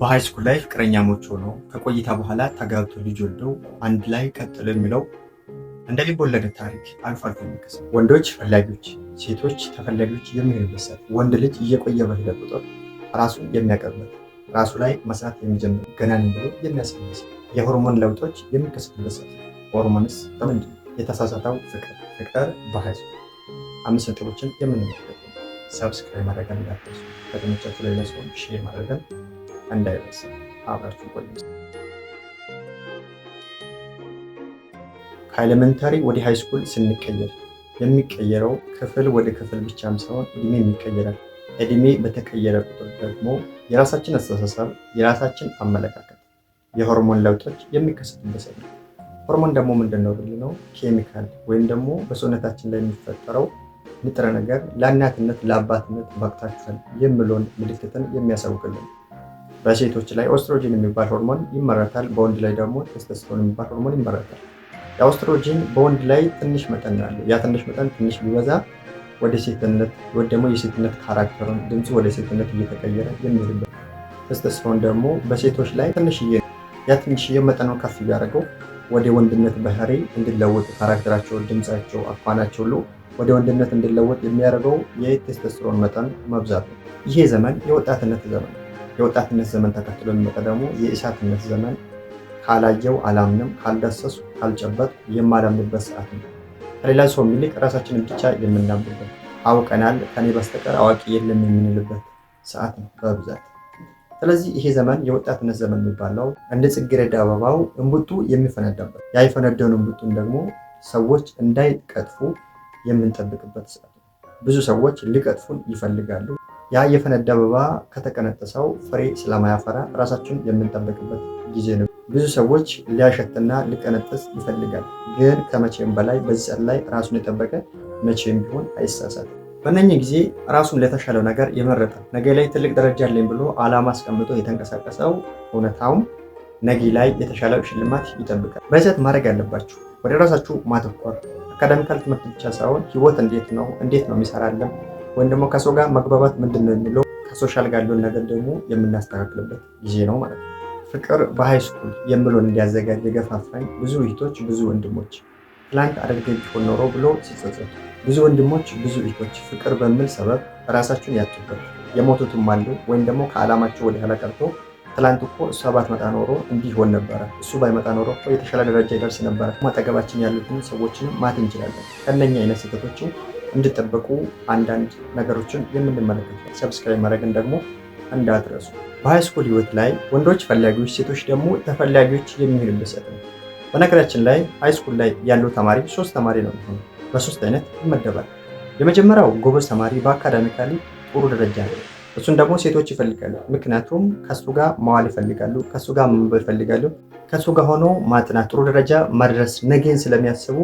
በሃይስኩል ላይ ፍቅረኛሞች ሆነው ከቆይታ በኋላ ተጋብቶ ልጅ ወልደው አንድ ላይ ቀጥሎ የሚለው እንደ ልብ ታሪክ አልፎ አልፎ የሚከሰት ወንዶች ፈላጊዎች፣ ሴቶች ተፈላጊዎች የሚሆንበት ወንድ ልጅ እየቆየ በሄደ ቁጥር ራሱን የሚያቀርበት ራሱ ላይ መስራት የሚጀምር ገናን ብሎ የሚያስመስ የሆርሞን ለውጦች የሚከሰትበት ሆርሞንስ በምንድ የተሳሳተው ፍቅር ፍቅር በሃይስኩል አምስት ነጥቦችን የምንመለከት ሰብስክራይብ ማድረግ እንዳትረሱ። ከተመቻችሁ ላይ ለሰዎች ሼር ማድረግን እንዳይበስ አብራችሁ ቆዩ። ከኤሌመንታሪ ወደ ሃይስኩል ስንቀየር የሚቀየረው ክፍል ወደ ክፍል ብቻም ሳይሆን እድሜም ይቀየራል። እድሜ በተቀየረ ቁጥር ደግሞ የራሳችን አስተሳሰብ፣ የራሳችን አመለካከት፣ የሆርሞን ለውጦች የሚከሰቱበት ነው። ሆርሞን ደግሞ ምንድን ነው ኬሚካል ወይም ደግሞ በሰውነታችን ላይ የሚፈጠረው ንጥረ ነገር ለእናትነት ለአባትነት በቅታችኋል የሚለውን ምልክትን የሚያሳውቅልን በሴቶች ላይ ኦስትሮጂን የሚባል ሆርሞን ይመረታል። በወንድ ላይ ደግሞ ቴስቶስትሮን የሚባል ሆርሞን ይመረታል። የኦስትሮጂን በወንድ ላይ ትንሽ መጠን ያለው ያ ትንሽ መጠን ትንሽ ቢበዛ ወደ ሴትነት ወይ ደግሞ የሴትነት ካራክተሩን ድምፁ ወደ ሴትነት እየተቀየረ የሚሄድበት ቴስቶስትሮን ደግሞ በሴቶች ላይ ትንሽዬ ያ ትንሽዬ መጠኑ ከፍ ቢያደርገው ወደ ወንድነት ባህሪ እንዲለወጥ ካራክተራቸው፣ ድምፃቸው፣ አኳናቸው ሁሉ ወደ ወንድነት እንዲለወጥ የሚያደርገው የቴስቶስትሮን መጠን መብዛት ነው። ይሄ ዘመን የወጣትነት ዘመን ነው። የወጣትነት ዘመን ተከትሎ የሚመጣ ደግሞ የእሳትነት ዘመን ካላየው አላምንም፣ ካልዳሰሱ ካልጨበጡ የማላምንበት ሰዓት ነው። ከሌላ ሰው የሚልቅ ራሳችንን ብቻ የምናምንበት አውቀናል፣ ከኔ በስተቀር አዋቂ የለም የምንልበት ሰዓት ነው በብዛት። ስለዚህ ይሄ ዘመን የወጣትነት ዘመን የሚባለው እንደ ጽጌረዳ አበባው እንቡጡ የሚፈነዳበት ያይፈነደውን እምቡጡን ደግሞ ሰዎች እንዳይቀጥፉ የምንጠብቅበት ሰዓት ነው። ብዙ ሰዎች ሊቀጥፉን ይፈልጋሉ። ያ የፈነዳ አበባ ከተቀነጠሰው ፍሬ ስለማያፈራ ራሳችን የምንጠብቅበት ጊዜ ነው። ብዙ ሰዎች ሊያሸትና ሊቀነጥስ ይፈልጋል፣ ግን ከመቼም በላይ በዚህ ላይ ራሱን የጠበቀ መቼም ቢሆን አይሳሳትም። በእነኚህ ጊዜ ራሱን ለተሻለው ነገር የመረጠ ነገ ላይ ትልቅ ደረጃ አለኝ ብሎ ዓላማ አስቀምጦ የተንቀሳቀሰው እውነታውም ነገ ላይ የተሻለ ሽልማት ይጠብቃል። በዚት ማድረግ ያለባችሁ ወደ ራሳችሁ ማተኮር አካዳሚካል ትምህርት ብቻ ሳይሆን ህይወት እንዴት ነው እንዴት ነው የሚሰራለን ወይም ደግሞ ከሰው ጋር መግባባት ምንድን ነው የሚለው ከሶሻል ጋር ያለውን ነገር ደግሞ የምናስተካክልበት ጊዜ ነው ማለት ነው። ፍቅር በሃይ ስኩል የምለውን እንዲያዘጋጅ የገፋፋኝ ብዙ እህቶች፣ ብዙ ወንድሞች ትላንት አድርጌ ቢሆን ኖሮ ብሎ ሲጸጸቱ፣ ብዙ ወንድሞች፣ ብዙ እህቶች ፍቅር በሚል ሰበብ ራሳቸውን ያጡበት የሞቱትም አሉ። ወይም ደግሞ ከዓላማቸው ወደ ኋላ ቀርቶ ትላንት እኮ እሷ ባትመጣ ኖሮ እንዲህ ይሆን ነበረ፣ እሱ ባይመጣ ኖሮ የተሻለ ደረጃ ይደርስ ነበረ። አጠገባችን ያሉትን ሰዎችን ማት እንችላለን ከነኛ አይነት ስህተቶችን እንዲጠበቁ አንዳንድ ነገሮችን የምንመለከት ነው። ሰብስክራይብ ማድረግን ደግሞ እንዳትረሱ። በሃይስኩል ህይወት ላይ ወንዶች ፈላጊዎች፣ ሴቶች ደግሞ ተፈላጊዎች የሚሆንበት ነው። በነገራችን ላይ ሃይስኩል ላይ ያለው ተማሪ ሶስት ተማሪ ነው የሚሆኑ በሶስት አይነት ይመደባል። የመጀመሪያው ጎበዝ ተማሪ በአካዳሚካሊ ጥሩ ደረጃ ነው። እሱን ደግሞ ሴቶች ይፈልጋሉ። ምክንያቱም ከሱ ጋር መዋል ይፈልጋሉ፣ ከሱ ጋር መንበር ይፈልጋሉ፣ ከሱ ጋር ሆኖ ማጥናት ጥሩ ደረጃ መድረስ ነገን ስለሚያስቡ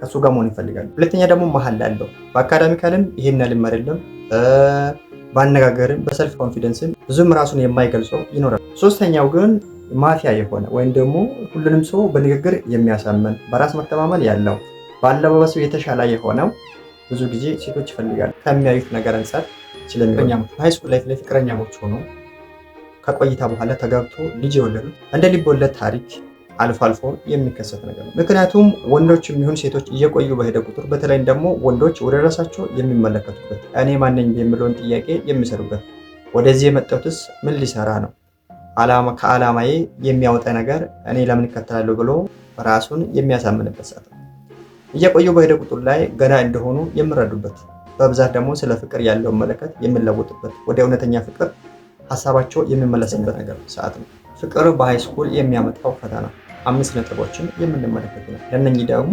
ከእሱ ጋር መሆን ይፈልጋሉ። ሁለተኛ ደግሞ መሀል አለው። በአካዳሚካልም ይሄን ያልም አይደለም፣ በአነጋገርም በሰልፍ ኮንፊደንስም ብዙም ራሱን የማይገልጸው ይኖራል። ሶስተኛው ግን ማፊያ የሆነ ወይም ደግሞ ሁሉንም ሰው በንግግር የሚያሳምን በራስ መተማመን ያለው በአለባበሱ የተሻለ የሆነው ብዙ ጊዜ ሴቶች ይፈልጋሉ ከሚያዩት ነገር አንጻር ስለሚሆኛሞች ሃይስኩል ላይፍ ላይ ፍቅረኛሞች ሆኖ ከቆይታ በኋላ ተጋብቶ ልጅ የወለዱት እንደ ልብ ታሪክ አልፎ አልፎ የሚከሰት ነገር ነው። ምክንያቱም ወንዶች የሚሆን ሴቶች እየቆዩ በሄደ ቁጥር በተለይም ደግሞ ወንዶች ወደ ራሳቸው የሚመለከቱበት እኔ ማነኝ የሚለውን ጥያቄ የሚሰሩበት ወደዚህ የመጣሁትስ ምን ሊሰራ ነው፣ ከዓላማዬ የሚያወጣ ነገር እኔ ለምን ይከተላሉ ብሎ ራሱን የሚያሳምንበት ሰዓት ነው። እየቆዩ በሄደ ቁጥር ላይ ገና እንደሆኑ የምረዱበት በብዛት ደግሞ ስለ ፍቅር ያለው መለከት የሚለወጥበት ወደ እውነተኛ ፍቅር ሀሳባቸው የሚመለስበት ነገር ሰዓት ነው። ፍቅር በሃይስኩል የሚያመጣው ፈተና አምስት ነጥቦችን የምንመለከት ነው። ለነኚ ደግሞ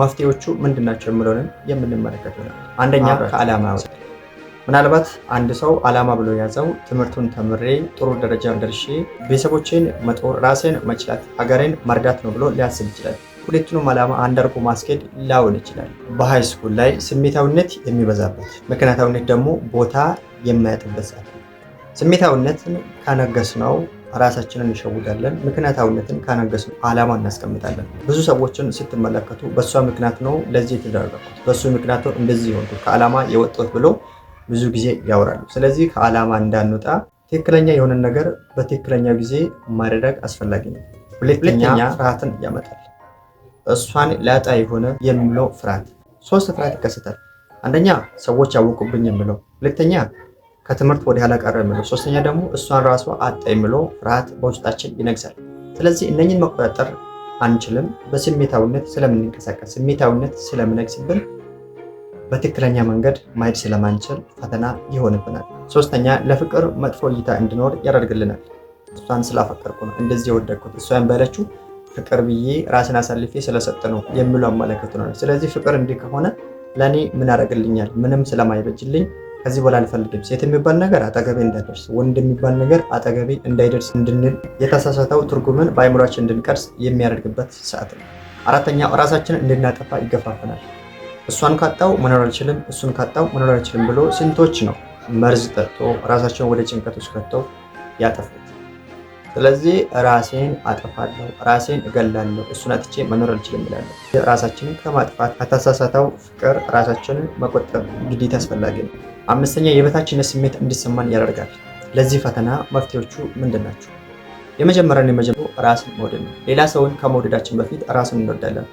መፍትሄዎቹ ምንድናቸው የምለውን የምንመለከት ነው። አንደኛ ከዓላማ ምናልባት አንድ ሰው ዓላማ ብሎ የያዘው ትምህርቱን ተምሬ ጥሩ ደረጃ ደርሼ ቤተሰቦቼን መጦር፣ ራሴን መችላት፣ ሀገሬን መርዳት ነው ብሎ ሊያስብ ይችላል። ሁለቱንም ዓላማ አንድ አድርጎ ማስኬድ ላውን ይችላል። በሃይ ስኩል ላይ ስሜታዊነት የሚበዛበት ምክንያታዊነት ደግሞ ቦታ የማያጥበት ስሜታዊነትን ከነገስ ነው?። ራሳችንን እንሸውዳለን። ምክንያታዊነትን ካነገስን አላማ እናስቀምጣለን። ብዙ ሰዎችን ስትመለከቱ በእሷ ምክንያት ነው ለዚህ የተደረገኩት፣ በእሱ ምክንያት ነው እንደዚህ የሆንኩት፣ ከዓላማ የወጣሁት ብሎ ብዙ ጊዜ ያወራሉ። ስለዚህ ከዓላማ እንዳንወጣ ትክክለኛ የሆነን ነገር በትክክለኛው ጊዜ ማድረግ አስፈላጊ ነው። ሁለተኛ ፍርሃትን ያመጣል። እሷን ላጣ የሆነ የሚለው ፍርሃት። ሶስት ፍርሃት ይከሰታል። አንደኛ ሰዎች ያወቁብኝ የሚለው፣ ሁለተኛ ከትምህርት ወደ ኋላ ቀረ የምለው፣ ሶስተኛ ደግሞ እሷን ራሷ አጣ የምለው ፍርሃት በውስጣችን ይነግሳል። ስለዚህ እነኝን መቆጣጠር አንችልም። በስሜታዊነት ስለምንንቀሳቀስ፣ ስሜታዊነት ስለምነግስብን በትክክለኛ መንገድ ማሄድ ስለማንችል ፈተና ይሆንብናል። ሶስተኛ ለፍቅር መጥፎ እይታ እንዲኖር ያደርግልናል። እሷን ስላፈቀርኩ ነው እንደዚህ የወደግኩት፣ እሷን በለችው ፍቅር ብዬ ራስን አሳልፌ ስለሰጠ ነው የሚሉ አመለከቱ ነው። ስለዚህ ፍቅር እንዲህ ከሆነ ለእኔ ምን ያደርግልኛል? ምንም ስለማይበጅልኝ ከዚህ በኋላ አልፈልግም፣ ሴት የሚባል ነገር አጠገቤ እንዳይደርስ፣ ወንድ የሚባል ነገር አጠገቤ እንዳይደርስ እንድንል የተሳሳተው ትርጉምን በአይምሮችን እንድንቀርስ የሚያደርግበት ሰዓት ነው። አራተኛው ራሳችንን እንድናጠፋ ይገፋፈናል። እሷን ካጣው መኖር አልችልም፣ እሱን ካጣው መኖር አልችልም ብሎ ስንቶች ነው መርዝ ጠጥቶ ራሳቸውን ወደ ጭንቀቶች ከተው ያጠፉት። ስለዚህ ራሴን አጠፋለሁ፣ ራሴን እገላለሁ፣ እሱን አጥቼ መኖር አልችልም ይላለሁ። ራሳችንን ከማጥፋት ከተሳሳተው ፍቅር ራሳችንን መቆጠብ ግዴታ አስፈላጊ ነው። አምስተኛ የበታችነት ስሜት እንዲሰማን ያደርጋል። ለዚህ ፈተና መፍትሄዎቹ ምንድን ናቸው? የመጀመሪያን የመጀመሪያው ራስን መውደድ ነው። ሌላ ሰውን ከመውደዳችን በፊት ራሱን እንወዳለን።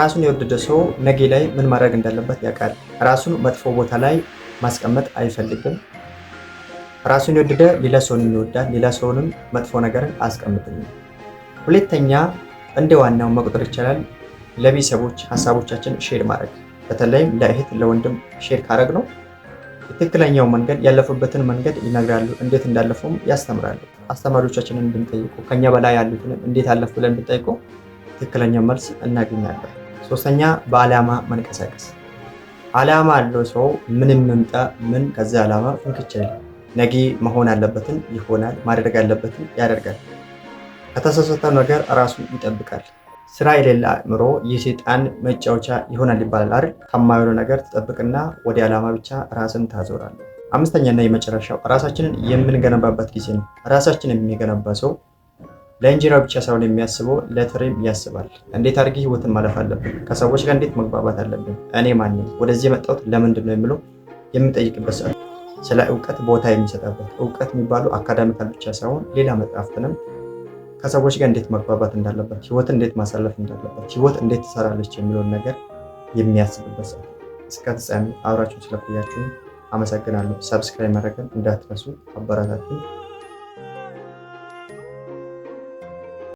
ራሱን የወደደ ሰው ነገ ላይ ምን ማድረግ እንዳለበት ያውቃል። ራሱን መጥፎ ቦታ ላይ ማስቀመጥ አይፈልግም። ራሱን የወደደ ሌላ ሰውን ይወዳል። ሌላ ሰውንም መጥፎ ነገርን አስቀምጥም። ሁለተኛ እንደ ዋናው መቁጠር ይቻላል። ለቤተሰቦች ሀሳቦቻችን ሼር ማድረግ በተለይም ለእህት ለወንድም ሼር ካደረግ ነው ትክክለኛው መንገድ ያለፉበትን መንገድ ይነግራሉ፣ እንዴት እንዳለፉም ያስተምራሉ። አስተማሪዎቻችንን ብንጠይቁ ከኛ በላይ ያሉትንም እንዴት አለፉ ብለን ብንጠይቁ ትክክለኛው መልስ እናገኛለን። ሶስተኛ በዓላማ መንቀሳቀስ። ዓላማ ያለው ሰው ምንም ምምጣ ምን ከዚ ዓላማ ፍንክቻ የለም። ነገ መሆን ያለበትን ይሆናል፣ ማድረግ ያለበትን ያደርጋል። ከተሳሳተው ነገር ራሱ ይጠብቃል። ስራ የሌለ አእምሮ የሰይጣን መጫወቻ ይሆናል ይባላል አይደል? ከማይሆነ ነገር ትጠብቅና ወደ ዓላማ ብቻ ራስን ታዞራለ። አምስተኛና የመጨረሻው ራሳችንን የምንገነባበት ጊዜ ነው። ራሳችን የሚገነባ ሰው ለእንጀራ ብቻ ሳይሆን የሚያስበው ለትሬም ያስባል። እንዴት አድርጌ ህይወትን ማለፍ አለብን? ከሰዎች ጋር እንዴት መግባባት አለብን? እኔ ማን ወደዚህ የመጣሁት ለምንድን ነው የሚለው የምጠይቅበት ሰዓት፣ ስለ እውቀት ቦታ የሚሰጠበት እውቀት የሚባለው አካዳሚካል ብቻ ሳይሆን ሌላ መጽሐፍትንም ከሰዎች ጋር እንዴት መግባባት እንዳለበት፣ ህይወት እንዴት ማሳለፍ እንዳለበት፣ ህይወት እንዴት ትሰራለች የሚለውን ነገር የሚያስብበት ሰዓት። እስከ ፍጻሜ አብራችሁን ስለቆያችሁ አመሰግናለሁ። ሰብስክራይብ ማድረግን እንዳትረሱ። አበረታችሁ።